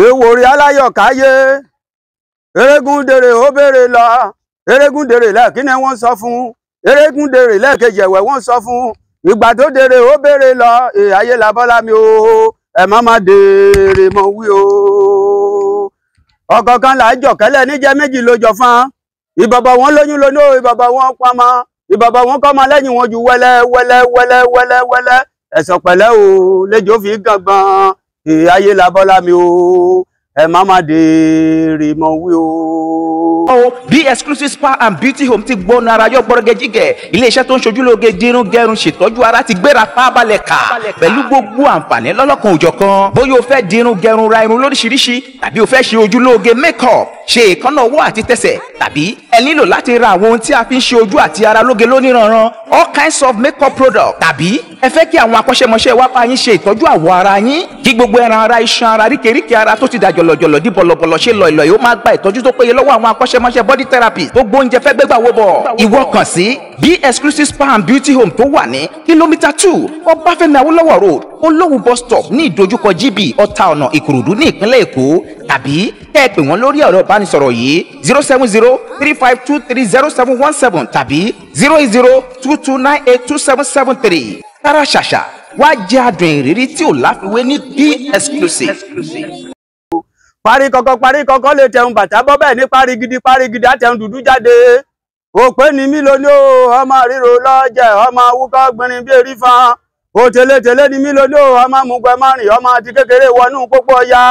Èwòrè aláyọ̀káyé Erégúndèrè ó béèrè lọ Erégúndèrè lẹ́ẹ̀kínní wọ́n la, fún Erégúndèrè lẹ́ẹ̀kejì ẹ̀wẹ̀ wọ́n sọ fún ìgbà tó dèrè ó béèrè lọ èyàyé dere o ẹ̀ má aye dèrè mọ̀ wí o. ọ̀kọ̀ọ̀kan là á jọ kẹ́lẹ́ níjẹ́ méjì ló jọ fán ìbàbà wọn lóyún ibaba won wọn pamọ́ ìbàbà wọn kọ́ ọmọ lẹ́yìn wọn ju wẹ́lẹ́ wẹ́lẹ́ wẹ́lẹ́ wẹ́lẹ́ wẹ́lẹ́ ẹ̀sọ̀ pẹ̀lẹ́ o lẹ́jọ́ fi gàngbọ̀n ayé labọ́lámi ooo ẹ má má de rè wí o. bí exclusive spa and beauty home ti gbóná ara yọ gbọ́rọ̀gẹ́ jígẹ̀ iléeṣẹ́ tó ń ṣojúlóge dírún gẹrun ṣètọ́jú ara ti gbéra pa balẹ̀ kà pẹ̀lú gbogbo àǹfààní lọ́lọ́kan òjọ̀kan bóyá o fẹ́ dírún gẹrun ra irun lóríṣiríṣi tàbí o fẹ́ ṣe ojúlóge make up ṣe ìkànnà ọwọ́ àti tẹsẹ̀ tàbí ẹ nílò láti ra àwọn ohun tí a fi ń ṣe ojú àti ara lóge lóníranran all kinds of makeup products tàbí ẹ fẹ́ kí àwọn akọ́ṣẹ́mọṣẹ́ wá bá yín ṣe ìtọ́jú àwọ̀ ara yín kí gbogbo ẹran ara iṣan ara ríkèríkè ara tó ti dàjọ́ jọ̀lọ̀jọ̀lọ̀ di bọ̀lọ̀bọ̀lọ̀ ṣe lọ ìlọ̀ yìí ó máa gba ìtọ́jú tó péye lọ́wọ́ àwọn akọ́ṣẹ́mọṣẹ́ body therapy gbogbo oúnjẹ fẹ́ gbégbà wo bọ̀ ìwọ kàn sí b exclusive spa and beauty home tó wà ní kìlómítà two ọbáfẹ́mi awólọ́wọ̀ road olówù bus stop ní ìdojúkọ gb ọ̀tà ọ̀nà ìkòròdú ní ìpínlẹ̀ èkó tàbí kẹ́ ẹ pè wọ́n lórí ẹ̀rọ ìbánisọ̀rọ̀ yìí zero seven zero three five two three zero seven one seven tàbí zero eight zero two two nine eight two seven seven three tara ṣàṣà wá jẹ́ adùn ìrírí tí ò láfiwé ní b exclusive parí kọ̀kọ̀ parí kọ̀kọ̀ lè tẹun bàtà bọ́ bẹ́ẹ̀ ní parí gidi parí gidi àtẹun dúdú jáde òpé ni mí lóní o ọmọ ríro lọ́jẹ̀ ọmọ wúkọ́ gbìnrin bí erí fan òtèlétèlé ni mí lóní o ọmọ mugbẹ márìn ọmọ ti kékeré wọnú pópó ya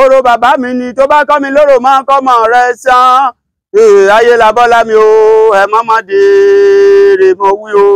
oró bàbá mi ni tó bá kọ́ mi lóró máa ń kọ́mọ rẹ sán ee ayé labọ́lá mi o ẹ mọ́mọ́ dèrè mo wí o.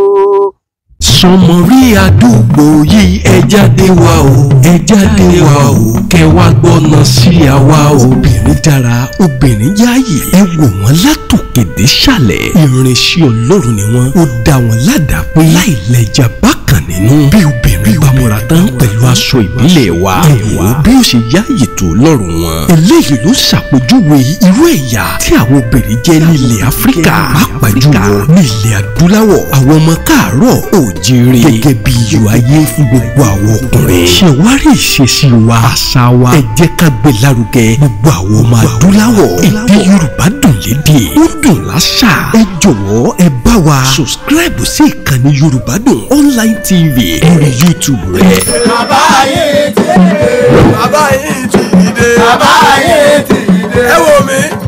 sọmọ rí àdúgbò yìí ẹ jáde wá o ẹ jáde wá o kẹ wá gbọ́nà sí àwa obìnrin dára obìnrin yáàyè ẹ wò wọ́n látòkèdè ṣàlẹ̀ ìrìnsẹ̀ ọlọ́run ni wọ́n ó dá wọn ládàá pé láìlẹ́jà bákan nínú bí obìnrin bá múra tán pẹ̀lú aṣọ ìbílẹ̀ wa ẹ̀wọ̀ bí ó ṣe yáàyè tó lọ́rùn wọn eléyìí ló ṣàpèjúwe irú ẹ̀yà tí àwọn obìnrin jẹ́ nílẹ̀ áfíríkà pàápàá jùlọ nílẹ̀ adúláwọ̀ àwọn ọmọ káàárọ̀ oòjíire gẹ́gẹ́ bí iyọ̀ ayé fún gbogbo àwọn àwọn ọkùnrin. ṣe wá rí ìṣesí wa àṣà wa ẹ jẹ́ ká gbé lárugẹ gbogbo àwọn ọmọ adúláwọ̀ èdè Yorùbá dùn lédè ó dùn láṣà ẹ jọ̀wọ́ ẹ bá wa subscribe sí ìkànnì Yorùbá dùn online tv lórí YouTube rẹ. bàbá ayé ti dìde bàbá ayé ti dìde bàbá ayé ti dìde ẹ wò mí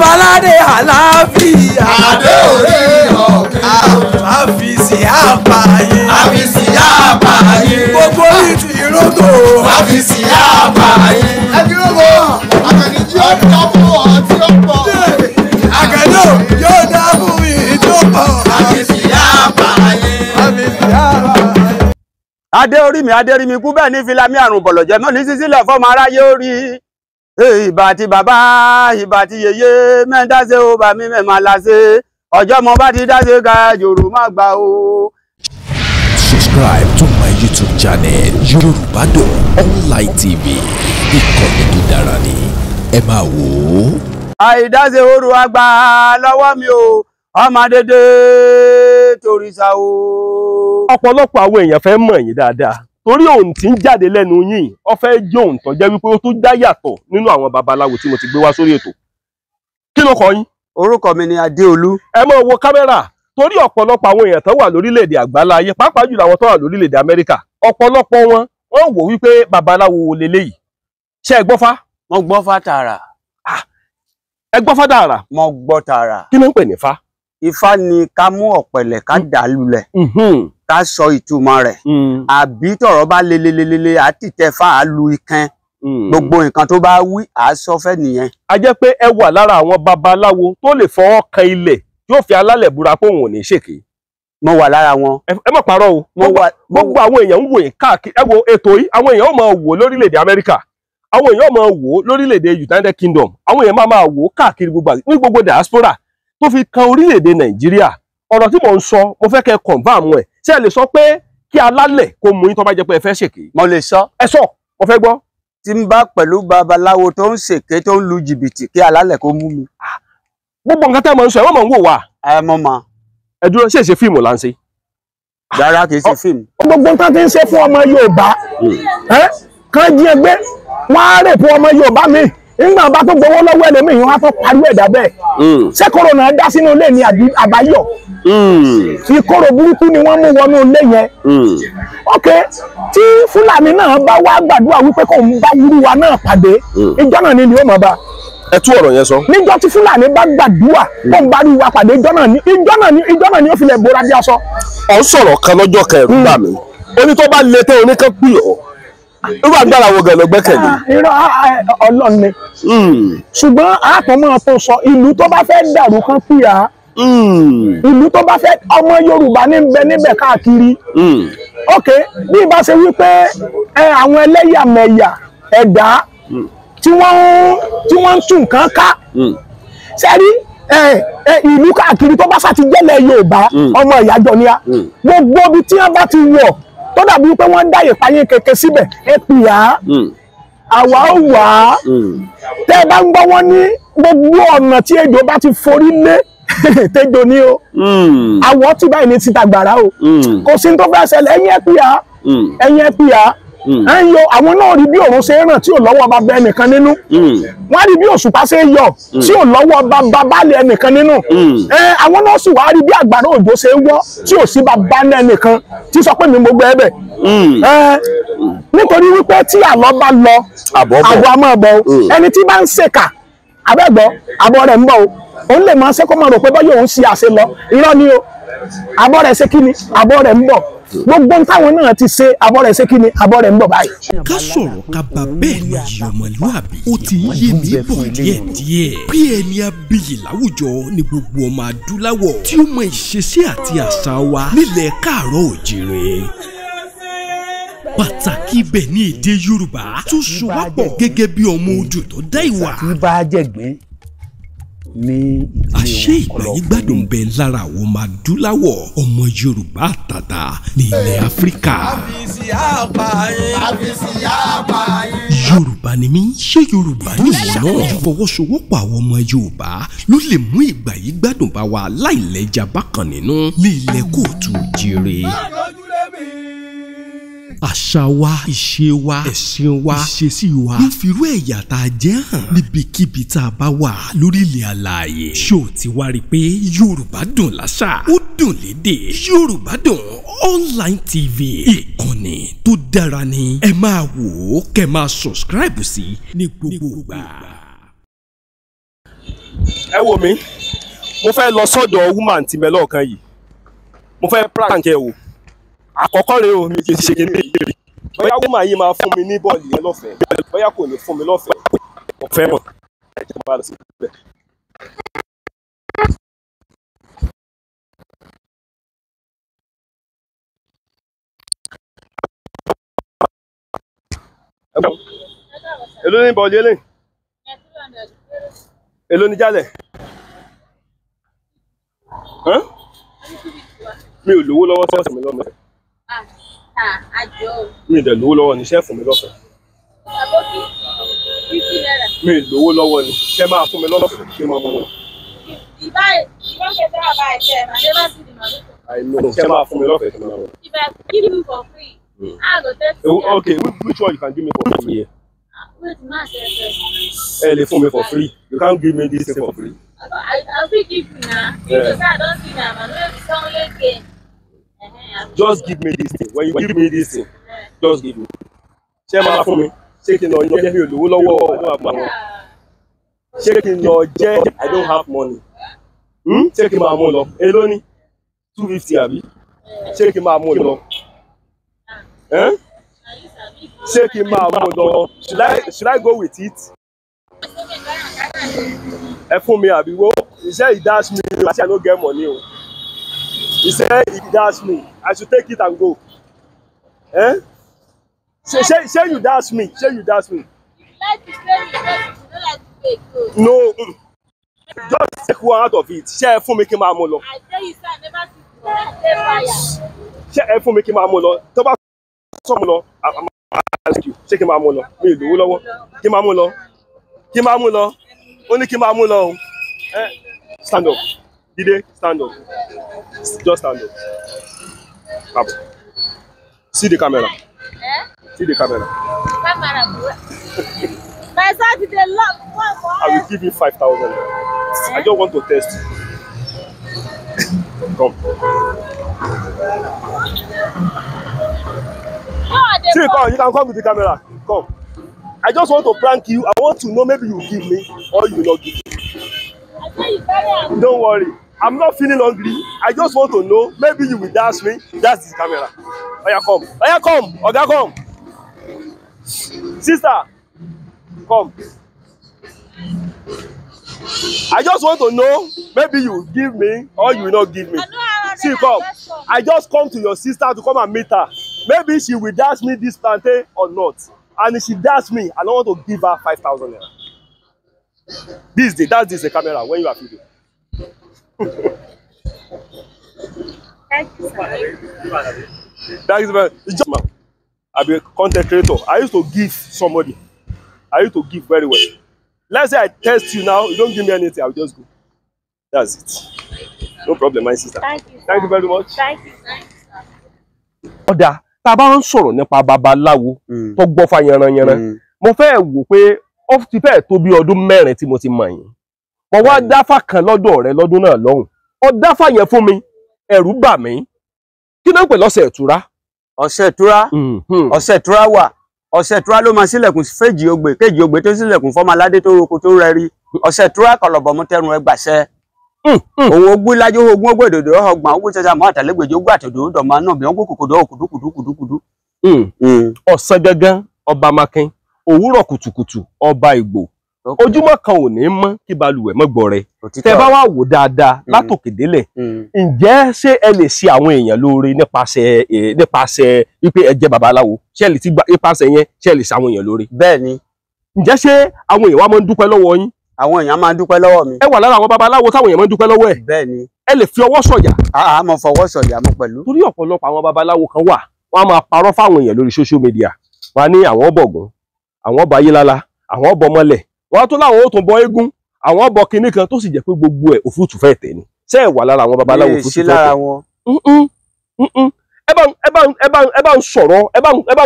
babaládé àlàáfíà. àdé òde ọ̀gbìn. àfìsí àbáyé. àfìsí àbáyé. gbogbo ìtì ìrótò. àfìsí àbáyé. ẹbí ló mọ àkànní tí ó dá fún ọ tí ó pọ. àkànní yóò dá fún mi tí ó pọ. àfìsí àbáyé. àfìsí àbáyé. orí mi adé orí mi kú bẹ́ẹ̀ ní filami àrùn bọ̀lọ̀jẹ́ mọ́ ní sísílẹ̀ fọ́mọ aráyé ó ìbà bàbá ìbà ti yèyé mẹ́ńdáṣe ó bá mi mẹ́ẹ̀ máa ọjọ́ mo bá ti dáṣe ga jòrò má gbà o. subscribe to my youtube channel yorùbádùn online tv ìkànnì tó dára ni ẹ máa wò ó. àìdáṣe oru àgbà lọ́wọ́ mi o ọmọ dédé torí sa o. ọ̀pọ̀lọpọ̀ àwọn èèyàn fẹ́ mọ̀ yín dáadáa torí ohun tí ń jáde lẹ́nu yìí ó fẹ́ jẹ́ ohun tó jẹ́ wípé ó tún dá yàtọ̀ nínú àwọn babaláwo tí mo ti gbé wá sórí ètò kí ló kọ yín. orúkọ mi ni adéolú. ẹ máa wo kámẹ́rà torí ọ̀pọ̀lọpọ̀ àwọn èèyàn tó wà lórílẹ̀‐èdè àgbáńlá ayé pàápàá jùlọ àwọn tó wà lórílẹ̀‐èdè amẹ́ríkà ọ̀pọ̀lọpọ̀ wọn wọ́n wò wípé babaláwo lélẹ́yìí ṣé ẹ gbọ́fá. wọ́n gbọ́fá tààrà. ẹ gbọ́fá tààrà. mo gbọ́ tààrà. kí ló ń pè ní fa. ifá ni ká mú ọ̀pẹ̀lẹ̀ ká hmm. dà lulẹ̀. Hmm tá a sọ ìtumọ̀ rẹ̀ hmm. àbí tọ̀rọ̀ bá lelelelele a ti tẹ fa a lu ikán hmm. gbogbo nǹkan tó bá wí a sọ fẹ́ nìyẹn. a jẹ́ pé ẹ wà lára àwọn babaláwo tó lè fọwọ́ kan ilẹ̀ yóò fi alálẹ̀ búra pé òun ò ní ṣèké mo wà lára wọn. ẹ mọ̀ parọ́ o gbogbo àwọn èèyàn ń wò yín káàkiri ẹ wo ètò yìí àwọn èèyàn máa wò lórílẹ̀‐èdè Amẹ́ríkà àwọn èèyàn máa wò lórílẹ̀‐èdè United Kingdom àwọn èèyàn máa máa wò káàkiri gbogbo ní gbogbo diaspora tó fi kan orílẹ̀‐èdè Nàìjíríà ọ̀rọ̀ tí mò ń sọ mo fẹ́ kẹ́ confirm ẹ̀ ṣé ẹ lè sọ pé kí alálẹ̀ kó mú yín tó bá jẹ́ pé ẹ fẹ́ ṣèké. mo lè sọ. ẹ sọ mo fẹ́ gbọ́. tí n bá pẹ̀lú babaláwo tó ń ṣèké tó ń lu jìbìtì kí alálẹ̀ kó mú mi. Ah, gbogbo nǹkan tẹ́ ẹ mọ̀ ń sọ ẹ wọ́n mọ̀ ń wò wá. ẹ mọ̀ mọ̀. ẹ dúró ṣe é ṣe fíìmù là ń ṣe. rárá kì í ṣe fíìmù. gbogbo nǹkan tí ń ṣe fún ọmọ Yorùbá hmm. kan jí ẹgbẹ́ wọn á rè fún ọmọ Yorùbá mi nígbà bá tó gbowó lọ́wọ́ ẹlẹ́mìí wọn á tó parí ẹ̀dá bẹ́ẹ̀ hmm. ṣé kòrónà dá sínú ilé ni àbáyọ̀ Mm. ìkorò burúkú ni wọ́n mú wọnú ilé yẹn mm. ok tí fúlàní náà bá wá gbàdúrà wípé kò ń bá wúrú wa náà pàdé mm. ìjọ náà ni ni ó mọ̀ bá ẹ tú ọ̀rọ̀ yẹn sọ. níjọ́ tí fúlàní bá gbàdúrà tó ń bari wa pàdé ìjọ́ náà ni ìjọ́ náà ni ìjọ́ náà ni ó fi lè bora bí aṣọ. ọ̀ ń sọ̀rọ̀ kan lọ́jọ́ kẹrù bá mi oní tó bá le tẹ́ oníkan pì ọ́ irú agbára wo gan ló gbẹ́kẹ̀lé. Ah, irọ́ ah, ah, ọlọ́ni ṣùgbọ́n àtọ̀mọ́ tó sọ ìlú tó bá fẹ́ dàrú kan pìyà ìlú tó bá fẹ́ ọmọ Yorùbá ní bẹ níbẹ̀ káàkiri hmm. ok bí ìbá ṣe wípé àwọn ẹlẹ́yàmẹ̀yà ẹ̀dá hmm. tí wọ́n tí wọ́n ń tún nǹkan ká sẹ́rí hmm. ìlú káàkiri tó bá ṣàti jẹ́lẹ̀ Yorùbá ọmọ ìyájọ́ a gbogbo ibi tí wọ́n bá ti wọ̀ tó dàbí wọ́n síbẹ̀ ẹ àwa ó wà á tẹ́ gbogbo ọ̀nà tí bá ti forí tẹjọ ní o hmm. àwọ̀ tí báyìí ní ti tàgbàrá o hmm. kò sí tó fẹ́ ṣẹlẹ̀ ẹ̀yìn ẹ̀pìyà hmm. ẹ̀yìn ẹ̀pìyà ẹ̀ ń yọ àwọn náà rí bí òun ṣe ràn tí ò lọ́wọ́ bàbá ẹnìkan nínú wọ́n rí bí òṣùpá ṣe yọ tí ò lọ́wọ́ bàbá baálẹ̀ ẹnìkan nínú àwọn náà sì wá rí bí àgbàrá òjò ṣe wọ́ tí ò sí bàbá ẹnìkan tí sọ pé mi mo gbẹ ẹbẹ̀ nítorí wípé tí àlọ́ bá lọ àbọ̀ àmọ́ ọ̀bọ̀ ẹni tí bá ń ṣèkà abẹ́gbọ́ àbọ̀ rẹ̀ ń bọ̀ o òun lè máa ṣe kó máa rò pé bọ́yọ̀ òun ṣe àṣe lọ irọ́ ni o abọ́ rẹ̀ ṣe kí ni abọ́ rẹ̀ ń bọ̀ gbogbo táwọn náà ti ṣe abọ́ rẹ̀ ṣe kí abọ́ rẹ̀ ń bọ̀ báyìí. ká sọ̀rọ̀ ká bá bẹ́ẹ̀ ni ìyọ̀mọ̀lúàbí ó ti ń yé mi bọ̀ díẹ̀díẹ̀ bí ẹni abiyì láwùjọ ni gbogbo ọmọ adúláwọ̀ tí ó mọ ìṣesí àti àṣà wa nílẹ̀ káàárọ̀ òjìrè pàtàkì ibẹ̀ ni èdè yorùbá tó so wá pọ̀ gẹ́gẹ́ bí ọmọ odò tó dá ìwà. tí bá ní ìdílé wọn. àṣé ìgbàyín gbádùn ń bẹ lára àwọn ọmọ adúláwọ̀ ọmọ yorùbá àtàtà ní ilẹ̀ áfíríkà. àfìsí àpààyàn àfìsí àpààyàn. yorùbá ni mí ṣé yorùbá ni ìwọ náà fọwọ́sowọ́pọ̀ àwọn ọmọ yorùbá ló lè mú ìgbàyín gbádùn bá wa láìlẹ́jà bákan nínú ní ilẹ̀ kóòtù jíire àṣà wa ìṣe wa ẹ̀sìn wa ìṣesí wa ló fi irú ẹ̀yà tá a jẹ́ hàn níbikíbi tá a bá wà lórí ilẹ̀ alààyè ṣó o ti wá rí i pé Yorùbá dùn láṣà ó dùn lédè Yorùbá dùn online tv ìkànnì tó dára ni ẹ máa wò ó kẹ́ máa subscribe sí ní gbogbo ìgbà. ẹ wò mí mo fẹ́ lọ sọ́dọ̀ woman tìmẹ́lọ́ọ̀kan yìí mo fẹ́ prank ẹ wò àkọ́kọ́ rèé o mi kì í ṣe kíní ìrì bóyá wúmà yìí máa fún mi ní bọ́ọ̀lù yẹn lọ́fẹ̀ẹ́ bóyá kò ní fún mi lọ́fẹ̀ẹ́ kò fẹ́ràn ẹ̀jẹ̀ bá lọ sí ibẹ̀. èló ní bọ́ọ̀lù yẹn lẹ́yìn èló ní jálẹ̀ mi ò lówó lọ́wọ́ sọ́ọ̀sì mi lọ́mọ ẹ̀. Ah, mi ì dẹ̀ lówó lọ́wọ́ ni iṣẹ́ fún mi lọ́fẹ̀ẹ́. mi ì lówó lọ́wọ́ ni iṣẹ́ máa fún mi lọ́fẹ̀ẹ́ kí n máa mú wọn. ìbá ìbá kẹta àbá ẹ̀ṣẹ̀ ẹ̀ máa dé bá sì dìmọ̀ lóko. àìmọ̀ iṣẹ́ máa fún mi lọ́fẹ̀ẹ́ kí n máa mú wọn. ìbá give me for free. Mm. Ah, go oh, okay, which one you can give me for free here? Ah, wait, ma, Hey, they phone me for free. You can't give me this thing for free. I, I'll be giving now. Because I don't see now, just give me this thing when you give me this thing just give me ṣé máa fún mi ṣé kí n lọ jẹ́ mi ò lówó lọ́wọ́ ọ̀hún àpamọ́ ṣé kí n lọ jẹ́ i don't have money hmm? ṣé kí n máa mú lọ èló ni two fifty àbí ṣé kí n máa mú lọ ṣé kí n máa mú lọ should i should i go with it ẹ fún mi àbí wo iṣẹ́ ìdásí mi àti i no get money o. He said, he that's me, I should take it and go. Eh? Say, say, say you that's me. Say you that's me. No. Just take one out of it. Ṣé ẹ fún mi kí n máa mú lọ? I tell you, sir, I never see you. I Ṣé ẹ fún mi kí n máa mú lọ? ask you. Ṣé him amolo. Me mú lọ? Mi ò lówó lọ́wọ́. Kí n máa mú lọ? Kí n máa eh, Stand up. Dide, stand up. Just stand up. Come. See the camera. Eh? See the camera. Camera. My son did a lot. I will give you 5,000. Eh? I just want to test. Come. No, See, come. You can come with the camera. Come. I just want to prank you. I want to know maybe you give me or you will not give me. Don't worry. I'm not feeling hungry. I just want to know. Maybe you will dance me. That's the camera. Oya come. Oya come. Oga come. Sister, come. I just want to know. Maybe you will give me or you will not give me. See, come. I just come to your sister to come and meet her. Maybe she will dance me this plantain or not. And if she dance me, I don't want to give her 5,000 naira. This day, that's this the camera when you are feeding. Thank you, sir. Thank you, sir. Just, I'm a content creator. I used to give somebody. I used to give very well. Let's say I test you now, you don't give me anything, I'll just go. That's it. No problem, my sister. Thank you, sir. Thank you very much. Thank you, thank you, sir. Ọ̀dà tá a bá ń sọ̀rọ̀ nípa babaláwo mm. tó gbọ́ fa yanranyanran mm. mo fẹ́ wò pé ó ti fẹ́ẹ̀ tó bí ọdún mẹ́rin tí mo ti mọ̀ yín mo wá dáfà kan lọ́dọ̀ rẹ lọ́dún náà lọ́hùn ó dáfà yẹn fún mi ẹ̀rù bà mí kí ló ń pè lọ́sẹ̀ ìtura. ọ̀sẹ̀ ìtura mm-hmm. ọ̀sẹ̀ ìtura wà ọ̀sẹ̀ ìtura ló máa sílẹ̀kùn fèjì ogbè kejì ogbè tó sílẹ̀kùn fọ́mọládé tó roko tó rẹrí ọ̀sẹ̀ ìtura kọlọ̀bọ̀ mú tẹrun ẹgbàṣẹ. Mm-hmm. òun ogún ilájú ogún ogún èdòdó ọgbọ̀n ogún ṣẹṣẹ àmọ́ àtàlẹ́gbẹ̀jọ ogún àtòdó dọ̀mọ́ náà bí wọ́n kó kòkòdó kùdùkùdù kùdùkùdù. Mm. Mm. ọ̀sán gangan ọba makin òwúrọ̀ kùtùkùtù ọba ìgbò ojúmọ́ kan ò ní mọ́ kí balùwẹ̀ mọ́ gbọrẹ tẹ bá wà wò dáadáa mm. látòkè délẹ̀ mm. ǹjẹ́ ṣé ẹ lè ṣe àwọn èèyàn lóore nípasẹ̀ nípasẹ̀ wípé ẹ jẹ́ babaláwo ṣé ẹ lè ti gba nípasẹ̀ yẹn ṣé ẹ lè ṣe àwọn èèyàn lóore. bẹ́ẹ̀ni. ǹjẹ́ ṣé àwọn èèyàn wa máa ń dúpẹ́ lọ́wọ́ yín. àwọn èèyàn máa ń dúpẹ́ lọ́wọ́ mi. ẹ wà lára àwọn babaláwo táwọn èèyàn máa ń dúpẹ́ lọ́wọ́ ẹ. bẹ́ẹ̀ni. ẹ lè fi ọwọ́ sọ̀yà. àá mo fọwọ́ sọ̀yà mo pẹ̀lú. torí ọ̀pọ̀lọpọ̀ àwọn babaláwo kan wà wọ́n á máa parọ́ fáwọn èèyàn lórí social media wọ́n á ní àwọn bọ̀gùn àwọn ọba ayé lára àwọn ọbọ mọ́lẹ̀ wọ́n tún láwọn ó tún bọ eégún àwọn ọbọ kinní kan tó sì jẹ́ pé gbogbo ẹ̀ òfúrufú fẹ́ẹ̀ tẹ̀ ni ṣé ẹ wà lára àwọn babaláwo òfúrufú fẹ́ẹ̀ tẹ̀ ẹ bá ń sọ̀rọ̀ ẹ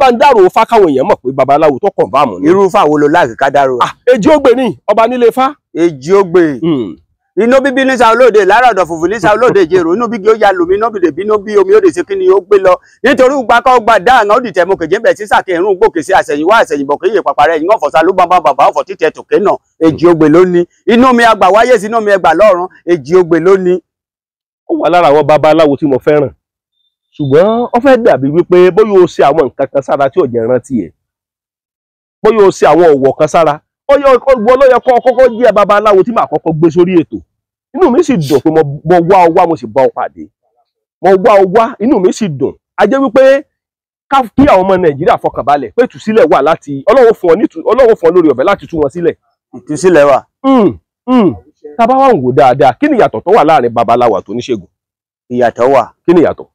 bá ń dárò fá káwọn èèyàn mọ̀ pé babaláwo tó kàn báàmù ni. irú fáwo ló láàkì ká dárò. èjì ó gbè ọba nílé fá. èjì inú bíbí ní Ṣàolóde lára ọ̀dọ̀ fùfù ní Ṣàolóde jèrò inú bígi ó ya lòmí iná bìlè bínú bí omi ó lè ṣe kí ni ó gbé lọ nítorí gbakọ́ gba dáhàn ó dìtẹ̀ mo kèjé bẹ̀ sí sàkè irun gbòkè sí àṣẹyìnwá àṣẹyìnbọ̀ kéye pàpàrẹ̀ yìí ọ̀fọ̀sá ló bá bàbá ọ̀fọ̀ títẹ̀ tòkè náà èjì ogbè lónìí inú mi àgbà wáyé sí inú mi ẹgbà lọ́run èjì ogbè lónìí. ó wà lára àwọn babaláwo tí mo fẹ́ràn ṣùgbọ́n ó fẹ́ dàbí wípé bóyá o ṣe àwọn nǹkan kan sára tí ò jẹ́ rántí ẹ̀ bóyá o ṣe àwọn òwò kan sára wọ́n ló yẹ kọ́ kọ́kọ́ jẹ́ babaláwo tí màá kọ́kọ́ gbé sórí ètò inú mi sì dùn pé mo wá ọ wá mo sì bá ọ pàdé mo wá ọ wá inú mi sì dùn a jẹ́ wípé ká kí àwọn ọmọ nàìjíríà fọkànbalẹ̀ pé ìtúsílẹ̀ wà láti ọlọ́wọ́ fún ọ ní ọlọ́wọ́ fún ọ lórí ọ̀fẹ́ láti tú wọn sílẹ̀. ìtúsílẹ̀ wà. Hmm, hmm. tábà wà ń wò dáadáa kí ni ìyàtọ̀ tó wà láàrin babaláwo àti oníṣègùn. ìyàtọ̀ wà. kí ni ìyàtọ̀.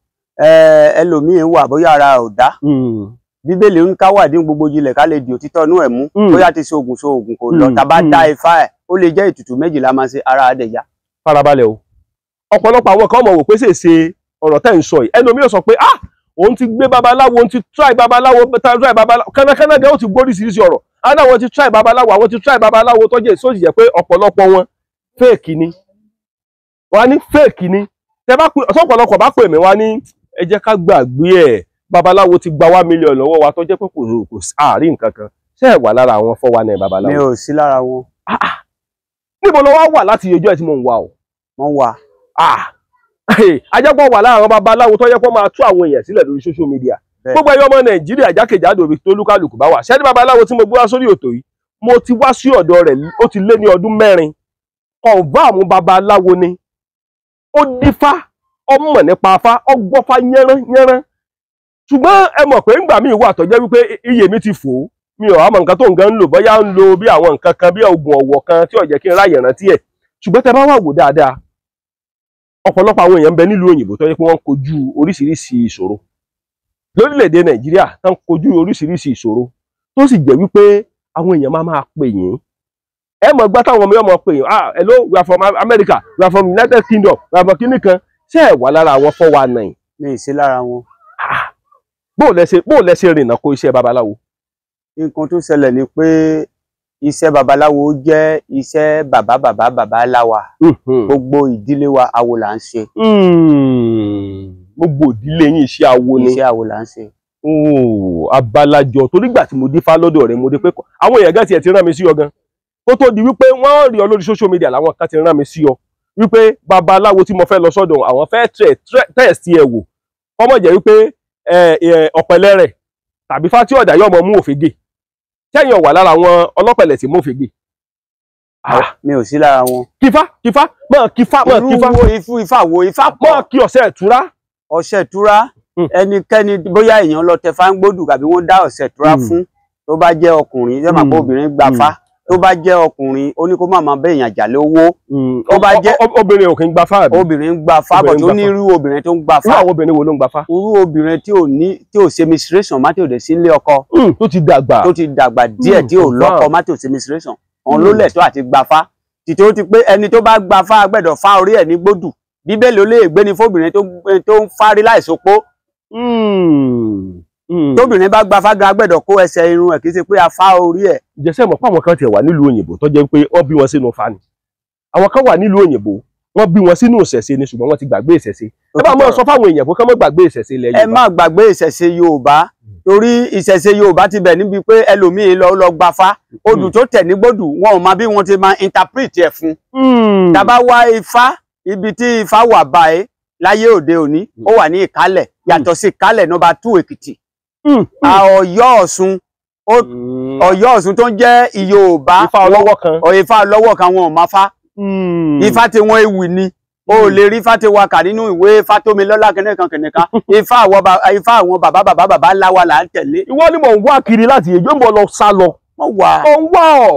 ẹ eh, ẹlòmíín wà bóyá ara ò dá hmm bíbélì ń ká wàdí gbogbo jilẹ̀ ká lè di òtítọ́ inú ẹ̀ mú hmm. bóyá ti ṣe oògùn ṣe oògùn kò lọ hmm. tá a hmm. ifá ẹ̀ ó lè jẹ́ ètùtù méjì la máa ṣe ara adẹ̀yà. farabalẹ̀ o ọ̀pọ̀lọpọ̀ àwọn kan mọ̀ wò pé ṣe ṣe ọ̀rọ̀ tẹ́ ń sọ yìí ẹnu mi ò sọ pé ah òun ti gbé babaláwo òun ti try babaláwo try babaláwo kánákáná gan ó ti gbọ́ oríṣiríṣi ọ̀rọ̀ àná àwọn ti try babaláwo àwọn ti try babaláwo tó jẹ́ èso ìjẹ́ pé ọ̀pọ̀lọpọ̀ wọn fake ni wọ́n á ní fake ni tẹ́ bá pè babaláwo ti gba wá mílíọ̀nù lọ́wọ́ wa tó jẹ́ pé kò kò àárín nǹkan kan ṣé ẹ wà lára àwọn fọwọ́ náà babaláwo. mi ò sí lára wọn. Ah, ah. níbo ló wá wà láti ìyẹjọ́ ẹ̀ tí mò ń wà o. mo ń wà. Ah, ajápọ̀ wà lára àwọn babaláwo tó yẹ kó máa tú àwọn èèyàn sílẹ̀ lórí social media. gbogbo ẹyọ ọmọ nàìjíríà jákèjádò ibi tó lúkàlùkù bá wà ṣẹ́ni babaláwo tí mo gbé wá sórí òtò yìí mo ti wá sí ọ̀dọ̀ rẹ̀ ó ti lé ní ọdún mẹ́rin ọ̀vá àwọn babaláwo ni ó dífá ọmọ nípa afá ọgbọ́fá yẹ́rán yẹ́rán ṣùgbọ́n ẹ mọ̀ pé je míì wà tó jẹ́ wípé iye mi ti fò ó mi ò àmọ̀ nǹkan tó nǹkan ń lò bóyá ń lo bí àwọn nǹkan kan bí oògùn ọ̀wọ̀ kan tí ò jẹ́ kí n ráyè rántí ẹ̀ ṣùgbọ́n tẹ bá wà wò dáadáa ọ̀pọ̀lọpọ̀ àwọn èèyàn ń bẹ nílùú òyìnbó tó jẹ́ pé wọ́n kojú oríṣiríṣi ìṣòro lórílẹ̀‐èdè nàìjíríà tán kojú oríṣiríṣi ìṣòro tó sì jẹ́ wípé àwọn èèyàn máa máa pè yín ẹ mọ̀ gbá táwọn ọmọ bó lẹ ṣe bó lẹ ṣe rìnnà kó iṣẹ́ babaláwo. nǹkan tó ṣẹlẹ̀ ni pé iṣẹ́ babaláwo jẹ́ iṣẹ́ bàbá bàbá bàbá láwa gbogbo ìdílé wa awo là ń ṣe. gbogbo ìdílé yín iṣẹ́ awo ni iṣẹ́ awo là ń ṣe. abalajọ torí gbà tí mo dífá lọ́dọ̀ rẹ̀ mo dé pé àwọn èèyàn gàtì ẹ̀ ti rán mi sí ọ gan tó tó di wípé wọ́n rí ọ lórí social media làwọn kan ti rán mi sí ọ wípé babaláwo tí mo fẹ́ lọ sọ́dọ̀ àwọn fẹ́ tẹ̀ tẹ̀ sí ẹ wò ọmọ jẹ́ wípé ọ̀pẹ̀lẹ́rẹ̀ tàbí fátí ọ̀dà yóò mọ mú òfegè sẹ́yìn ọ̀wà lára àwọn ọlọ́pẹ̀lẹ̀ tí mú òfegè. Ah, ah. mi ò sí lára wọn. kífá kífá mọ kífá mọ kífá. olúwo ifú ifá wo ifá pọ̀. mọ kí ọ̀sẹ̀ ìtura. ọ̀sẹ̀ ìtura hmm. ẹnikẹ́ni bóyá èèyàn lọ tẹ fáńgbódù tàbí wọ́n dá ọ̀sẹ̀ ìtura hmm. fún tó bá jẹ́ ọkùnrin yóò máa bó hmm. obìnrin gbafá tó bá jẹ́ ọkùnrin ó ní kó má máa bẹ̀yàn jà lówó. ó bá jẹ́ obìnrin òkè ń gba fáàbì. obìnrin ń gba fáàbì tó ní irú obìnrin tó ń gba fáàbì. irú àwọn obìnrin wo ló ń gba fá. irú obìnrin tí ò ní tí ò ṣe menstruation má tí ò dé sí ilé ọkọ. Hmm, tó ti dàgbà tó ti dàgbà díẹ̀ hmm, tí ò lọ́kọ má tí ò ṣe menstruation òun ló hmm. lẹ̀tọ́ àti gba fá. tìtò ti pé ẹni tó bá gba fá gbẹ̀dọ̀ fá orí ẹ̀ ní gbódù bíbélì ó lè gbéni fóbìnrin tó ń fárí láìsopó. Hmm. tóbìnrin bá gba fága gbẹ́dọ̀ kó ẹsẹ̀ irun ẹ̀ kì í ṣe pé a fá orí ẹ̀. jẹsẹ mọ fáwọn kan tiẹ̀ wà nílùú òyìnbó tó jẹ́ pé wọ́n bí wọn sínú fa ni àwọn kan wà nílùú òyìnbó wọ́n bí wọn sínú ìṣẹ̀ṣe ni ṣùgbọ́n wọ́n ti gbàgbé ìṣẹ̀ṣe ẹ bá máa sọ fáwọn èèyàn pé kán má gbàgbé ìṣẹ̀ṣe ilẹ̀ yorùbá. ẹ má gbàgbé ìṣẹ̀ṣe yorùbá torí ìṣẹ̀ṣe yorùbá ti bẹ̀ níbi pé ẹlòmíín lọ lọ gbafá odù hmm. tó tẹ̀ nígbòdù wọn ò mọ bí wọ́n ti máa interpret ẹ̀ fún. Hmm. tàbá wá ifá ibi tí ifá wà báyìí láyé òde òní ó wà ní ìkálẹ̀ yàtọ̀ sí ìkálẹ̀ nọ́mbà two èkìtì Hmm, hmm. Ọ̀yọ́ Ọ̀ṣun hmm. Ọ̀yọ́ Ọ̀ṣun tó ń jẹ́ Yorùbá ifá ọlọ́wọ́ kan ifá ọlọ́wọ́ kan wọn ò máa fá ifá tí wọ́n ewì ni o lè rí ifá tí wàkà nínú ìwé ifá tómi lọ́lá kẹ́nẹ́kan kẹ́nẹ́kan ifá àwọn bàbá bàbá bàbá ńlá wa là ń tẹ̀lé. ìwọ ni mò ń wá kiri láti èjò ń bọ̀ lọ sá lọ. wọ́n wà ó ń wá ọ̀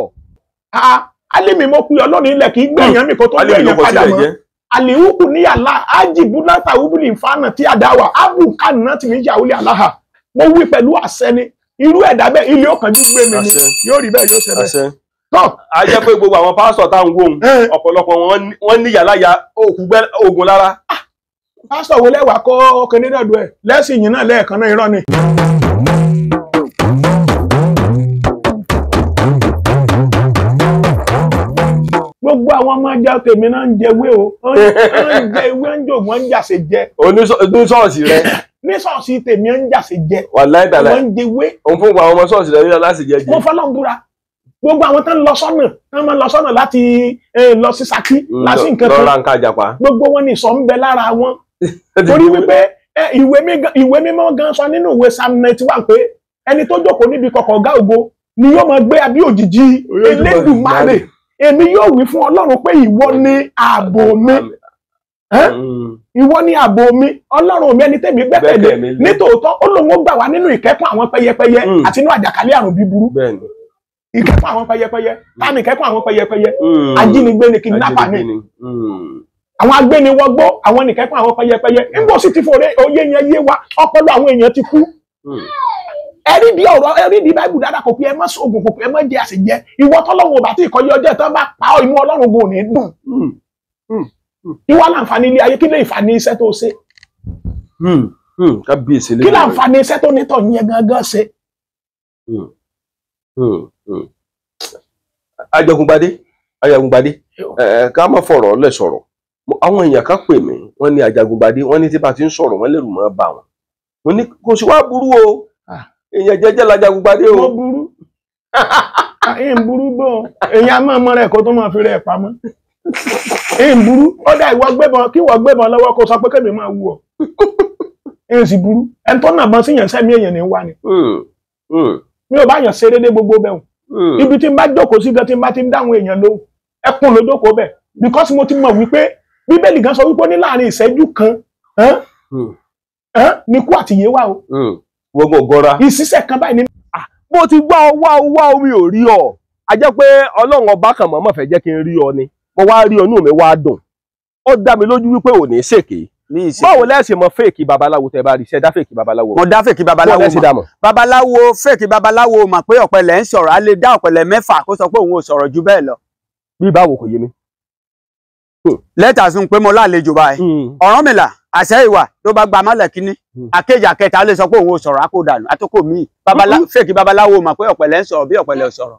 alimi mo pe Ọlọ́run ilẹ̀ kì í gbẹ̀yàn mi kó tó gbẹ̀yàn padà mọ́ alihuku ní àlá ajibu látàwùbùlì ìfànà tí a dá wà abu kanna tìmíjà olè aláha mo wí pẹ̀lú àṣẹ ni irú ẹ̀dá bẹ́ẹ̀ ilé ọ̀kánjú gbé mi ni yóò rí bẹ́ẹ̀ yóò ṣe bẹ́ẹ̀ tọ́ a jẹ́ pé gbogbo àwọn pásítọ̀ tá à ń wò ó eh. ọ̀pọ̀lọpọ̀ wọn níyà láyà oògùn lára. Ah! pásítọ̀ wo lẹ́wàá kọ́ ọkùnrin dọ̀dọ̀ ẹ̀ lẹ́sìn yìí náà lẹ́ẹ̀kan náà irọ́ ni. gbogbo àwọn ọmọ ajá tèmi náà ń jẹ ewé o ń jẹ ewé ń jòògùn ń jàṣe jẹ. oníṣọ́ọ̀sì rẹ ní ṣọ́ọ̀ṣì tèmi ń jàṣe jẹ wọ́n ń jewé. òun fún gbogbo àwọn ọmọ ṣọ́ọ̀ṣì lọ́wọ́ láti jẹ jẹ. mo fọlọ́n búra gbogbo àwọn tó ń lọ sọ́nà tó ń lọ sọ́nà láti lọ sí Ṣakí mm, láti nǹkan kan lọ́ra nǹkan àjàpá. gbogbo wọn ni ìsọ̀ ń bẹ lára wọn torí wípé ìwé mímọ́ gan sọ nínú ìwé Psalm ninety one pé ẹni tó jókòó níbi kọ̀kọ̀ ọ̀gá ògo ni yóò máa gbé abí òjìji Elédùmarè èmi yóò wí fún Ọlọ́run pé ìwọ ni ààbò mi. Amen Mm. ìwọ ni ààbò mi ọlọ́run mi ẹni tẹ̀mí gbẹ́kẹ̀lé nítòótọ́ ó lóun ó gbà wá nínú ìkẹ́kùn àwọn pẹyẹpẹyẹ mm. àti inú àjàkálẹ̀ àrùn bíburú ìkẹ́kùn àwọn pẹyẹpẹyẹ táàmì ìkẹ́kùn àwọn pẹyẹpẹyẹ mm. ajínigbé ni kidnapper ni àwọn agbéniwọgbó àwọn nìkẹ́kùn àwọn pẹyẹpẹyẹ nígbà sì ti fòrè oyé yẹn yé wa ọpọlọ àwọn èèyàn ti kú ẹrí di ọ̀rọ̀ ẹrí di báìbù dáadáa kò pé ẹ má sóògùn kò pé ẹ má jẹ àṣejẹ ìwọ tọlọ́run ò bá tí ìkọyé ọjọ́ ìtàn bá pa ọ inú ọlọ́run gò ní dùn kí wá láǹfààní ilé ayé kí lè fàní iṣẹ́ tó ṣe. Hmm, hmm, kábíyèsí lè. kí láǹfààní iṣẹ́ tó nítọ̀ yẹn gangan ṣe. Hmm, ajagunbadé ajagunbadé ká má fọ̀rọ̀ lẹ̀ sọ̀rọ̀ àwọn èèyàn ká pè mí wọ́n ní ajagunbadé wọ́n ní tí bá ti ń sọ̀rọ̀ wọ́n lè rù mọ́ bá wọn mo ní kò sí wá burú o èèyàn jẹ́jẹ́ lajagunbadé o. mo burú èèyàn burú bọ̀ èèyàn á máa mọ rẹ̀ kó tó máa fi rẹ̀ pamọ́. e burú buru ìwọ gbébọn kí wọ́n ọlọwọ lọ́wọ́ kó sọ pé kémi máa wù ọ́ ń sì burú si tó nà bọ́n sí ni mi o ba yàn ṣe déédéé gbogbo bẹ́ẹ̀ ibi n bá gan n bá ti ń dáhùn èèyàn lóhùn because mo ti mọ̀ pe. gan ní láàrin kan ni o gbogbo gọra ìṣiṣẹ́ kan báyìí ni. Ah, ti wá ọ wá wá omi ọ rí ọ mo wá rí ọnú mi wá dùn ó dá mi lójú wípé ò ní ṣèké báwo lẹ́sìn mọ fèkì babaláwo tẹ bá rí iṣẹ́ dá fèkì babaláwo. mo dá fèkì babaláwo mọ̀ babaláwo fèkì babaláwo mọ̀ pé ọ̀pẹ̀lẹ̀ ń sọ̀rọ̀ á lè dá ọ̀pẹ̀lẹ̀ mẹ́fà kó sọ pé òun ò sọ̀rọ̀ ju bẹ́ẹ̀ lọ. bí báwo kò yé mi. Hmm. lẹ́tà sun pé mo lálejò báyìí hmm. Ọ̀rúnmìlà àṣẹ ìwà tó bá gba mọ́lẹ̀ kínní hmm. àkejì àkẹta lè sọ pé òun ò sọ̀rọ̀ á kó dànù àtòkò míì fèkì babaláwo mọ̀ pé ọ̀pẹ̀lẹ̀ ń sọ̀rọ̀ bí ọ̀pẹ̀lẹ̀ ò sọ̀rọ̀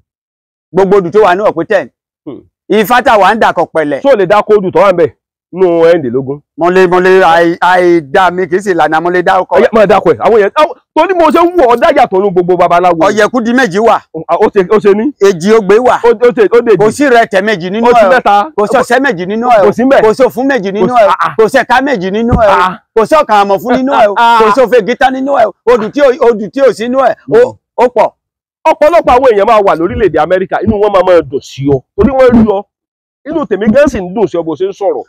gbogbo odù tó wà ní ọ̀pẹ ten hmm. ifá tà wà ń dàkọ̀ pẹ̀lẹ̀. tó lè dákó odù tó wà ń bẹ̀ nù ẹ̀ǹdínlógún. mo lè mo lè àìdá mi kì í sì lànà mo lè dákọ̀. ọyẹ máa dákọ̀ ẹ àwọn yẹn torí mo ṣe ń wọ ọdá yàtọ̀ ní gbogbo babaláwo. ọ̀yẹ̀kú di méjì wà. ó ṣe ní. èjì ogbè wà. ó ṣe ó dèjì. kò sí rẹ̀tẹ̀ méjì nínú ẹ̀. kò sí mẹ́ta. kò sí ọ̀sẹ̀ méjì nínú ẹ̀. kò sí mbẹ̀. kò sí òfún méjì nínú ẹ̀. kò sí ẹ̀ka méjì nínú ẹ̀. kò sí ọ̀kàn àmọ̀fún nínú ẹ̀. kò sí òfegita nínú ẹ̀. odù tí ò sí nínú ẹ̀. Hmm. ó pọ̀ ọ̀pọ̀lọpọ̀ àwọn èèyàn máa wà lórílẹ̀‐èdè amẹ́ríkà inú wọn máa máa dùn sí ọ torí wọ́n rí ọ inú tèmi gan sì ń dùn sí ọ bó ṣe ń sọ̀rọ̀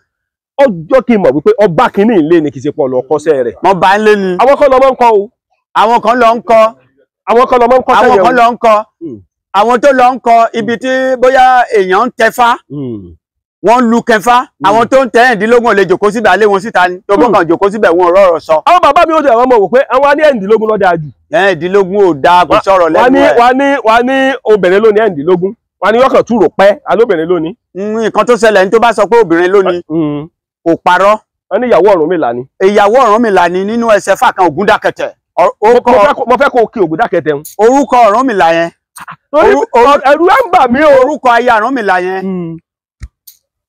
ọjọ́ kí n mọ̀ wípé ọba kìíní ilé ni kì í ṣe pọ̀ lọ kọ́sẹ́ rẹ̀. wọn bá ń lé ni. àwọn kan lọ mọ ń kọ o. àwọn kan lọ ń kọ. àwọn kan lọ mọ ń kọ sẹ́yìn o. àwọn kan lọ ń kọ. Hmm. àwọn tó lọ ń kọ ibi tí bóyá èèyàn ń tẹfá. Hmm wọ́n lu kẹfà hmm. àwọn tó ń tẹ́rìndínlógún lè jòkó síbẹ̀ alé wọn síta ni tó bọ́kàn hmm. jòkó síbẹ̀ wọn rọ̀rọ̀ sọ. àwọn bàbá mi ò tẹ̀wọ́n mọ̀ wò pé àwọn á ní ẹ̀ǹdínlógún ló dáa jù. ẹ̀ǹdínlógún ò dáa kò sọ̀rọ̀ lẹ́nu ẹ̀. wà á ní wà á ní obìnrin lónìí ẹ̀ǹdínlógún wà á ní yọkàn túrò pẹ́ alóbìnrin lónìí. Hmm, nǹkan tó ṣẹlẹ̀ ní tó bá sọ pé obìnrin lónìí kò parọ́. wọ́n ní ìyàwó Ọ̀rúnmìlà ni. ìyàwó Ọ̀rúnmìlà ni nínú ẹsẹ̀ fàkàn Ògúndákẹ̀tẹ̀. mo fẹ́ kó o kí Ògúndákẹ̀tẹ̀ ń. orúkọ Ọ̀rúnmìlà yẹn. ẹ̀rù ẹ̀ ń bà mí o. orúkọ aya Ọ̀rúnmìlà yẹn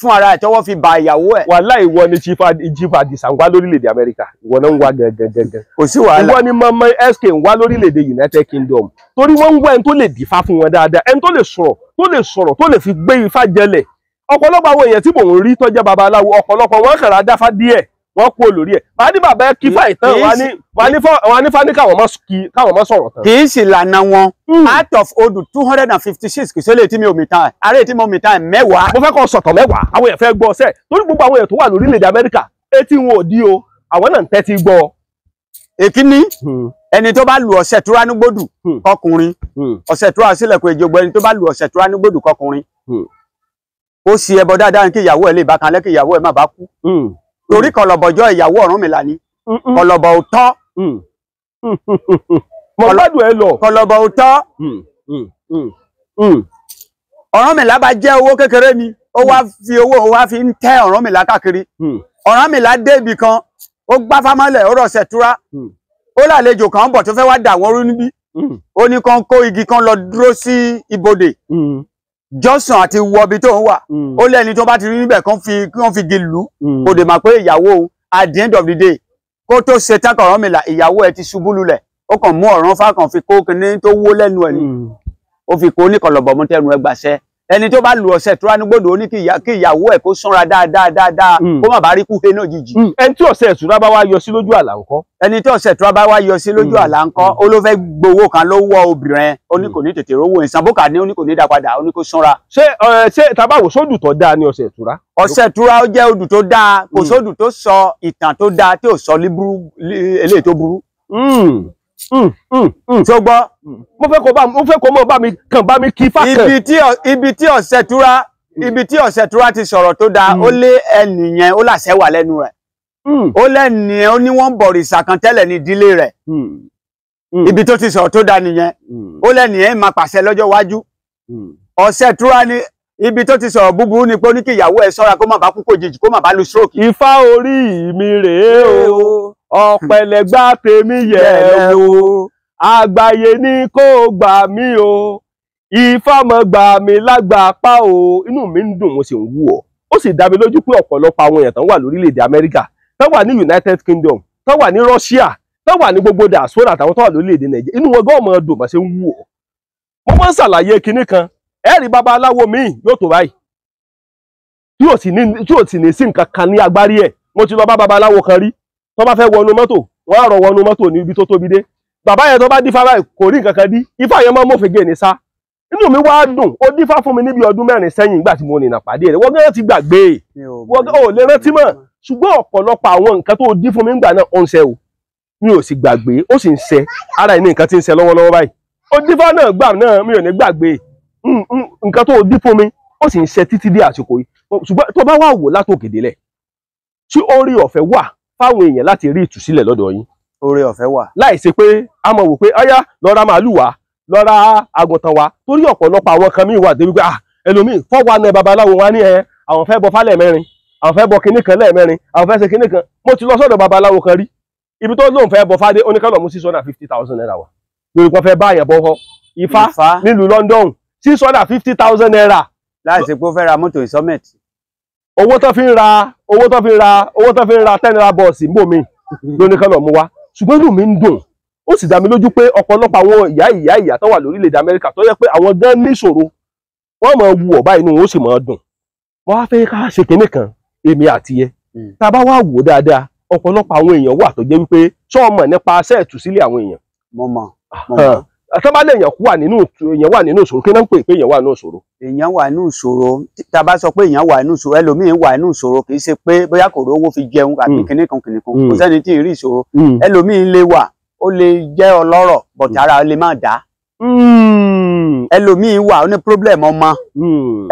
fún ara ẹ̀ tọ́wọ́ fi ba ìyàwó ẹ̀. wàhálà ìwọ ni chief adisa ń wá lórílẹ̀‐èdè amẹ́ríkà ìwọ náà ń wá gẹ́gẹ́gẹ́. kò sí wàhálà ìwọ ni mama sk ń wá lórílẹ̀‐èdè united kingdom torí wọ́n ń wá ẹni tó lè dìfá fún wọn dáadáa ẹni tó lè sọ̀rọ̀ tó lè sọ̀rọ̀ tó lè fi gbé ifá jẹlẹ̀ ọ̀pọ̀lọpọ̀ àwọn èèyàn tí mò ń rí tó jẹ́ babaláwo ọ̀pọ̀lọpọ̀ wọn kàrà dáfá díẹ̀ wọ́n kú olórí ẹ̀ bá ní bàbá kí fà ìtàn wà ní fani káwọn mọ́ sọ̀rọ̀ tán. kì í sì lànà wọn hmm. out of odù two hundred and fifty six kì í sẹ́lẹ̀ tí mi ò mi tán àárẹ̀ tí mo mi tán mẹ́wàá. mo fẹ́ kọ́ sọ̀tọ̀ mẹ́wàá àwọn èèyàn fẹ́ gbọ́ sẹ́ẹ̀ torí gbogbo àwọn èèyàn tó wà lórílẹ̀‐èdè amẹ́ríkà etí wọn ò dí o àwọn náà ń tẹ́tí gbọ́. èkíní hmm. ẹni tó bá lu ọ̀sẹ̀ tó ránugbòdù hmm. kọkùnrin ọ̀sẹ̀ tó àṣìlẹ̀kùn èjì ògbẹ́ni tó bá lu ọ̀sẹ̀ tó ránugbòdù kọkùnrin ó sì ẹbọ dáadáa kí ìyàwó ẹ lè bá kan lẹ́kì ìyàwó ẹ má bá kú torí kọlọbọjọ ìyàwó Ọ̀rúnmìlà ni kọlọbọ òótọ́ mo mm. gbádùn ẹ lọ kọlọbọ òótọ́ mm, mm, Ọ̀rúnmìlà bá jẹ́ owó kékeré ni ó wá fi owó wá fi ń tẹ́ Ọ̀rúnmìlà káàkiri Ọ̀rúnmìlà dé ibì kan ó gbáfá mọ́lẹ̀ ó rọ̀ṣẹ̀ túra ó lálejò kan bọ̀ tó fẹ́ wá dà wọ́n rú níbí ó ní kan kó igi kan lọ dúró sí ibodè Johnson àti wọbi tó ń wà hmm. ó lẹ́ni tó bá ti rí níbẹ̀ kán fi kán fi gi lù hmm. kò dè mà pé ìyàwó òun at the end of the day kó tó ṣe tán kọ̀ọ̀rán mi là ìyàwó ẹ ti ṣubú lulẹ̀ ó kàn mú ọ̀ràn fákàn fi kó kinní tó wó lẹ́nu ẹ̀ ni hmm. ó fi kó oníkọlọ̀bọ̀ mú tẹnu ẹ gbàṣẹ ẹni tó bá lu ọ̀sẹ̀ tó ránugbòdò ní kí ìyàwó ẹ̀ kó sanra dáadáa dáadáa hmm. kó má bàa rí kú he náà jìjì. Hmm. ẹni tí ọ̀sẹ̀ ìtura bá wá yọ sí lójú àlá ńkọ́. ẹni tí ọ̀sẹ̀ ìtura bá wá yọ sí lójú hmm. àlá ńkọ́ ó ló fẹ́ gbowó kan ló wọ obìnrin ó ní kò ní tètè rówó ìsanbókà ní ó ní kò ní dápadà ó ní kó sanra. ṣé ṣé tabawo sódù tó dáa ní ọ̀sẹ̀ ìtura. ọ̀sẹ̀ ìtura ó jẹ́ odù tó dáa kò sódù tó sọ ìtàn tó dáa tí ò tí hmm, ó hmm, hmm. gbọ́ mo fẹ́ kó bá mo fẹ́ kó mọ̀ bá mi kàn bá mi kí fákàn. ibi tí ọ̀sẹ̀ túra ibi tí ọ̀sẹ̀ túra ti sọ̀rọ̀ tó dáa ó lé ẹnìyẹn ó làṣẹ wà lẹ́nu rẹ̀ ó lẹ́nìyẹn ó ní wọ́n bọ̀rìṣà kan tẹ́lẹ̀ ní ìdílé rẹ̀ ibi tó ti sọ̀rọ̀ tó dáa nìyẹn ó lẹ́nìyẹn máa pàṣẹ lọ́jọ́ iwájú ọ̀sẹ̀ túra ni ibi tó ti sọ̀rọ̀ búburú ni pé ó ní kí ìyàwó ẹ̀ sọ́ra kó má bá kú kójijì kó má bá lu stroke. ifá orí mi rèé o ọ̀pẹ̀lẹ̀gbá tèmi yẹ̀ wò àgbáyé ní kó gbà mí o ìfọ́mọgbà mi lágbà apá o inú mi ń dùn mo sì ń wú ọ ó sì dá mi lójú pé ọ̀pọ̀lọpọ̀ àwọn èèyàn tán wà lórílẹ̀‐èdè Amẹ́ríkà wà ní United Kingdom tán wà ní Russia tán wà ní gbogbo dàsóra àtàwọn tán wà lórílẹ̀‐èdè Nàìjíríà inú wọn gan-an máa dùn bá ṣe ń wú ọ mo máa ń ṣàlàyé kinní kan ẹ̀rí babaláwo míì yóò tó báyìí tí ò sì ní sí nǹkan kan ní agbárí ẹ̀ mo ti lọ bá babaláwo kan rí tó bá fẹ́ wọnú mọ́tò wọ́n á rọ̀ wọnú mọ́tò ní tó tóbi dé bàbá yẹn tó bá dífá báyìí kò rí nǹkan kan dí ifá yẹn mọ́ mọ́fẹ́gẹ́ sá inú mi wá dùn ó dífá fún mi níbi ọdún mẹ́rin sẹ́yìn nígbà tí mo nìyàn pàdé rẹ̀ wọ́n gẹ́gẹ́ ti gbàgbé wọ́n ò lè rántí mọ́ ṣùgbọ́n ọ̀pọ̀lọpọ̀ àwọn nǹkan tó mi nígbà náà o mi ò sì gbàgbé ó sì ń ara ẹ̀ ní nǹkan ti ń lọ́wọ́lọ́wọ́ báyìí ó dífá náà gbà fáwọn èèyàn láti rí ìtúsílẹ̀ lọ́dọ̀ yín. oore ọ̀fẹ́ wà. láì ṣe pé a mọ̀ wò pé ọyá lọ ra màálù wa lọ ra àgùntàn wa torí ọ̀pọ̀lọpọ̀ àwọn kan míì wà débi pé ah, ẹlòmíì fọ́wọ́ anẹ babaláwo wa ní ẹ àwọn fẹ́ bọ fálẹ̀ mẹ́rin àwọn fẹ́ bọ kinní kan lẹ́ẹ̀mẹ́rin àwọn fẹ́ ṣe kinní kan mo ti lọ sọ́dọ̀ babaláwo kan rí ibi tó lóun fẹ́ bọ fádé oníkànnà mú six hundred fifty thousand naira wa lórí kan fẹ́ bá àyàn bọ́ ifá nílùú London six hundred fifty thousand naira. láì ṣe pé ó fẹ́ ra mọ́tò ìsọ́mẹ̀tì owó tó fi ń ra owó tó fi ń ra owó tó fi ń ra ten naira bọ́ọ̀sì ń bò mí lóní kan lọ mú wá ṣùgbọ́n inú mi ń dùn ó sì dá mi lójú pé ọ̀pọ̀lọpọ̀ àwọn ìyá ìyá ìyá tó wà lórílẹ̀‐èdè Amẹ́ríkà tó yẹ pé àwọn gan níṣòro wọ́n máa wù ọ̀bá inú wọn ó sì máa dùn wọ́n á fẹ́ ká ṣe kinní kan èmi àti ẹ hmm. tá a bá wá wò dáadáa ọ̀pọ̀lọpọ̀ àwọn èèyàn wà tó jẹ́ wípé ṣọ́ọ̀mọ̀ nípa aṣẹ́ ìtúsílẹ̀ àwọn èèyàn. mo mọ̀ mo mọ̀ tó bá lèèyàn wà nínú èèyàn wà nínú ìṣòro kí ló ń pè pé èèyàn wà nínú ìṣòro. èèyàn wà nínú ìṣòro tá a bá sọ pé èèyàn wà nínú ìṣòro ẹlòmíín wà nínú ìṣòro kì í ṣe pé bóyá kò rówó fi jẹun àbí hmm. kìnnìkan kìnnìkan hmm. kò sẹ́ni tí ì rí ìṣòro hmm. ẹlòmíín lè wà ó lè jẹ́ ọlọ́rọ̀ but ara lè má dá ẹlòmíín wà ó ní problem ọmọ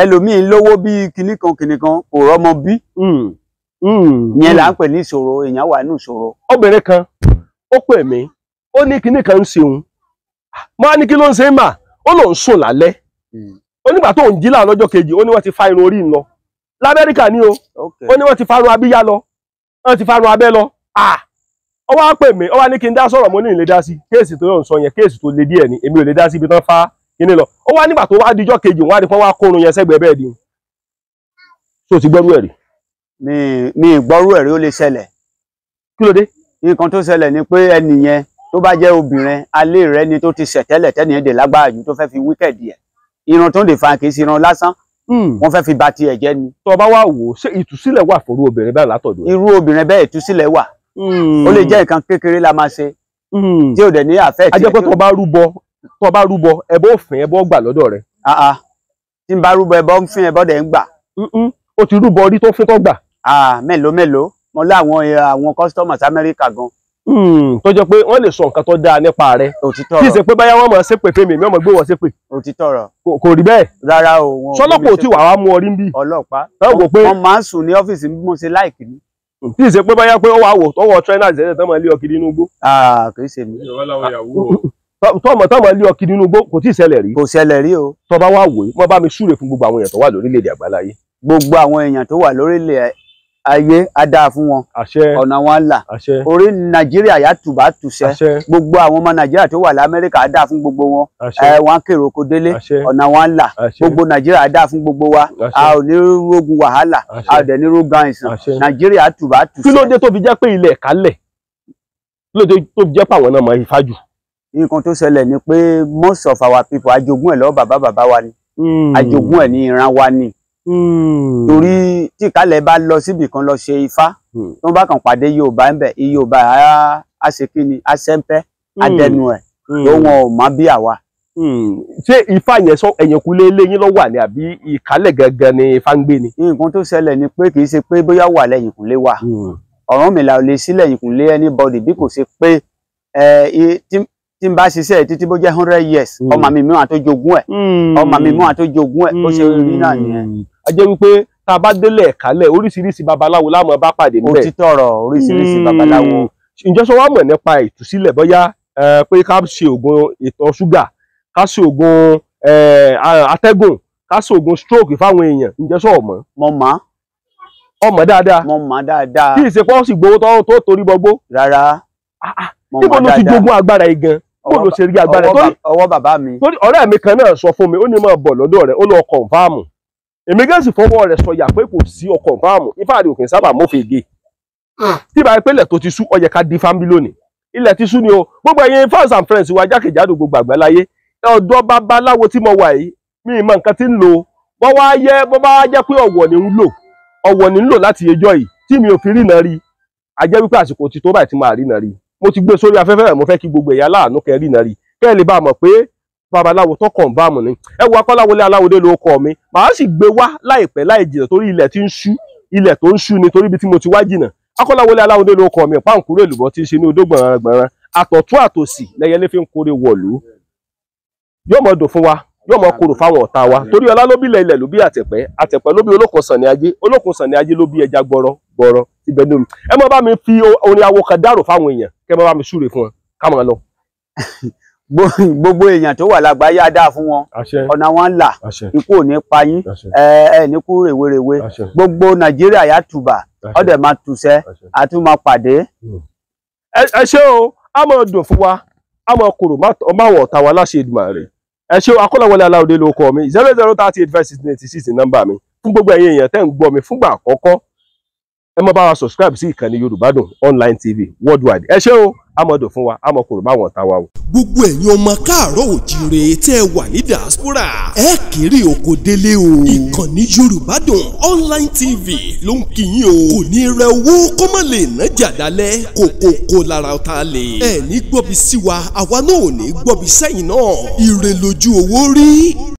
ẹlòmíín lówó bíi kìnnìkan kìnnìkan kò rọ́mọ bí yẹn là ń pè ní ìṣòro èèyàn wà nínú ìṣòro mo á ní kí ló ń ṣe é mà ó lòun sùn lálẹ́ hmm. ó nígbà tó ń jí láàárọ̀ lọ́jọ́ kejì ó ní wọ́n ti fa irun orí lọ l'Amẹ́ríkà ni o ó ní wọ́n ti farun abíyá lọ wọ́n ti farun abẹ́ lọ ó wá pè mí ó wá ní kí n dá sọ̀rọ̀ mo ní ìlé dá sí kéèsì tó yọ̀ ń sọ yẹn kéèsì tó le díẹ̀ ni èmi ò lè dá sí ibi tán fa kíní lọ ó wá nígbà tó wá dijọ́ kejì wọ́n á di fún wa kórun yẹn sẹ́gbẹ̀ẹ́ bẹ́ẹ̀ di so ti gbọ́rú ẹ̀ mi mi gbọ́rú ẹ̀ ó lè ṣẹlẹ̀. kí ló dé. nǹkan tó ṣẹlẹ̀ ni pé ẹnìyẹn tó bá jẹ́ obìnrin alé rẹ ni tó ti ṣẹ̀ tẹ́lẹ̀ tẹ́nìyàn dè lágbára jù tó fẹ́ fi wíkẹ̀dì ẹ̀ irun tó ń dè fa kì í sí irun lásán hmm. wọ́n fẹ́ fi ba tiẹ̀ jẹ́ ni. tó o bá wá wò ó ṣé ìtúsílẹ̀ wà fún irú obìnrin bẹ́ẹ̀ látọ̀dọ̀ ẹ̀. irú obìnrin bẹ́ẹ̀ ìtúsílẹ̀ wà hmm. ó lè jẹ́ nǹkan kékeré la máa ṣe hmm. tí ò dẹ̀ ní àfẹ́ tiẹ̀. a jẹ́ pé tó o bá rúbọ tó o bá rúbọ ẹbọ òfin ẹbọ gbà lọ́dọ̀ rẹ̀. tí n bá rúbọ ẹbọ ń fin ẹbọ dẹ̀ ń gbà. o ti rúbọ orí tó fún tó gbà. Ah, mélòó mo láwọn eh, àwọn customers Amẹ́ríkà gan Hmm, tó jẹ́ pé wọ́n lè sọ nǹkan tó dáa nípa rẹ̀ kí ṣe pé báyá wọ́n mọ̀ ṣépè fèmí mi ọmọ gbé wọn ṣépè kò rí bẹ́ẹ̀ rárá o wọn sọlọ́pàá ò tí wàá mú ọ rí bí ọlọ́pàá wọ́n máa ń sùn ní ọ́fíìsì bí mo ṣe láìkì ní kì hmm, í ṣe pé báyá pé ó wà wò tọwọ trainer ṣẹṣẹ tọmọ ilé ọkì nínú igbó. kì í ṣe mi. tọmọ tọmọ ilé ọkì nínú igbó kò tí ì ṣẹlẹ̀ rí. kò ṣẹlẹ̀ rí o. tọba wa wòye wọn bá mi súre fún gbogbo àwọn èèyàn tó wà lórílẹ̀-èdè àgbáláyé. gbogbo àwọn èèyàn tó wà lórílẹ̀ ayé á dáa fún wọn ọ̀nà wọn là orí nàìjíríà yà tùbà tùṣẹ́ gbogbo àwọn ọmọ nàìjíríà tó wà lamẹ́ríkà á dáa fún gbogbo wọn wọn kèrò oko délé ọ̀nà wọn là gbogbo nàìjíríà á dáa fún gbogbo wa a ò ní rogun wàhálà a ò dẹ̀ ní rogun àìsàn nàìjíríà á tùbà tùṣẹ́. kí ló dé tó fi jẹ́ pé ilẹ̀ kálẹ̀ kí ló dé tó fi jẹ́ pé àwọn náà mọ ìfájú. nǹkan tó ṣẹlẹ̀ ni pé most of our people àjogún ẹ̀ lọ́wọ́ bàbá bàbá wa ni àjogún hmm. ẹ̀ ní ìran wa ni Hmm. torí tí kálẹ̀ bá lọ síbì kan lọ ṣe ifá hmm. tó bá kàn pàdé yorùbá ń bẹ yorùbá á ṣe kí ni á ṣẹ́ńpẹ́ á hmm. dẹnu ẹ̀ tó wọn ò mọ bí àwa. ṣé ifá yẹn sọ ẹ̀yìnkùlé lẹ́yìn lọ́wọ́ àní àbí ìkálẹ̀ gangan ni ifá ń gbé ni. nǹkan tó ṣẹlẹ̀ ni pé kì í ṣe pé bóyá wà lẹ́yìnkùlé wa Ọ̀rúnmìlà ò lè sí lẹ́yìnkùlé anybody bí kò ṣe pé tí n bá ṣiṣẹ́ títí bó jẹ́ hundred years ọmọ mi mìíràn tó jogún ẹ̀ ọmọ mi mìíràn tó jogún ẹ̀ ó ṣe rí náà nìyẹn a jẹ́ wípé tá a bá délẹ̀ kálẹ̀ oríṣiríṣi babaláwo láàmú bá pàdé ńbẹ̀ òtítọ́ ọ̀rọ̀ oríṣiríṣi babaláwo. Hmm. ǹjẹ́ sọ wá mọ̀ nípa ìtúsílẹ̀ bóyá pé ká ṣe oògùn ìtọ̀ ṣúgà ká ṣe oògùn atẹ́gùn ká ṣe oògùn stroke fáwọn èèyàn ǹjẹ́ sọ ọ̀mọ́. mo mọ̀ ọmọ dáadáa mo mọ̀ dáadáa kí ìsepọ̀ sì gbowó tó torí bọgbó. rárá ah, ah. mo mọ̀ dáadáa níbo ló ti jogún agbára yìí gan bó ló ṣe rí agbára torí ọwọ́ bàbá mi torí mi kan náà sọ fún mi ó ní mo bọ̀ lọ́dọ̀ rẹ̀ ó lọ kọ̀ǹfàmù èmi gẹ́sì fọwọ́ rẹ̀ sọyà pé kò sí ọkọ̀ fáàmù ifáàdì òkè sábà mọ́fẹ́ gé hmm. tí ìbá pé ilẹ̀ tó ti sú ó yẹ ká di fámílì lónìí ilẹ̀ ti sú ni o gbogbo ẹ̀yin fans and friends wa jákèjádò gbogbo àgbáláyé ọ̀dọ́ babaláwo tí mo wà yìí mi ì mọ nǹkan tí ń lò bọ́ wá yẹ bọ́ bá jẹ́ pé ọ̀wọ̀ ni ń lò ọ̀wọ̀ ni ń lò láti ẹjọ́ yìí tí mi ò fi rìnà rí a jẹ́ wípé àsìkò ti tó báyìí tí máa rìnà rí mo ti gbé e sórí afẹ́fẹ́ rẹ̀ mo fẹ́ kí gbogbo ẹ̀yà láàánú kẹ́ rìnà rí kẹ́ ẹ lè bá mọ̀ pé babaláwo tó kàn bá mù ni ẹ wo akọ́láwọlé aláwọdé ló kọ mi màá sì gbé wá láìpẹ́ láì jìnà torí ilẹ̀ tí ń ṣú ilẹ̀ tó ń ṣú ni torí ibi tí mo ti wá jìnà akọ́láwọlé aláwọdé ló kọ mi ọ̀pá nkúrò èlùbọ́ ti ń ṣe ní odó gbọ̀nrangbọ̀nran àtọ̀tún àtòsì lẹ́yẹlé fi ń kórè wọ̀lú yóò mọ dùn fún wa yóò mọ korò fáwọn ọ̀tá wa torí ọlá ló bí ilẹ̀ ilẹ̀ ló bí àtẹ̀pẹ́ àtẹ̀pẹ́ ló bí olókun sàn ní ajé olókun sàn ní ajé ló bí ẹja gbọrọ gbọrọ ibẹ̀ ní omi ẹ mọ bá mi fi orin awo kan dárò fáwọn èèyàn kẹ mọ bá mi súre fún wọn ká lọ gbogbo èèyàn tó wà lágbàáyé á dáa fún wọn ọ̀nà wọn là ikú ò ní pa yín ẹ ní kú rèwerèwe gbogbo nàìjíríà yá tùbà ọdẹ máa tùṣẹ́ àtún máa pàdé. Hmm. ẹ ṣé o a máa dùn fún wa a máa kúrò má wọ̀ ọ̀tá wa láṣẹ Èdùmàrè ẹ ṣé o Akọ́láwọlé Aláwọ̀dé ló kọ mi zero zero thirty eight five sixteen eighty six nọ́mbà mi fún gbogbo ẹ̀yin èèyàn tẹ́ ń gbọ́ mi fúngbà àkọ́kọ́ ẹ má bá wa subscribe sí ìkànnì Yorùbá Dùn Online TV worldwide ẹ ṣé o amọ̀dò fún wa amọ̀ bá wọn ta wa o. gbogbo ẹ̀yin ọmọ káàárọ̀ òjìrè tẹ́ ẹ wà ní diaspora ẹ kéré oko délé o. ìkànnì yorùbá dùn online tv ló ń kíyìn o. kò ní rẹ owó kó má lè ná jàdálẹ̀ kókókó lára ọ̀tá lè. ẹ gbọ́bi sí wa àwa náà ò ní gbọ́bi sẹ́yìn náà. ire lójú owó rí.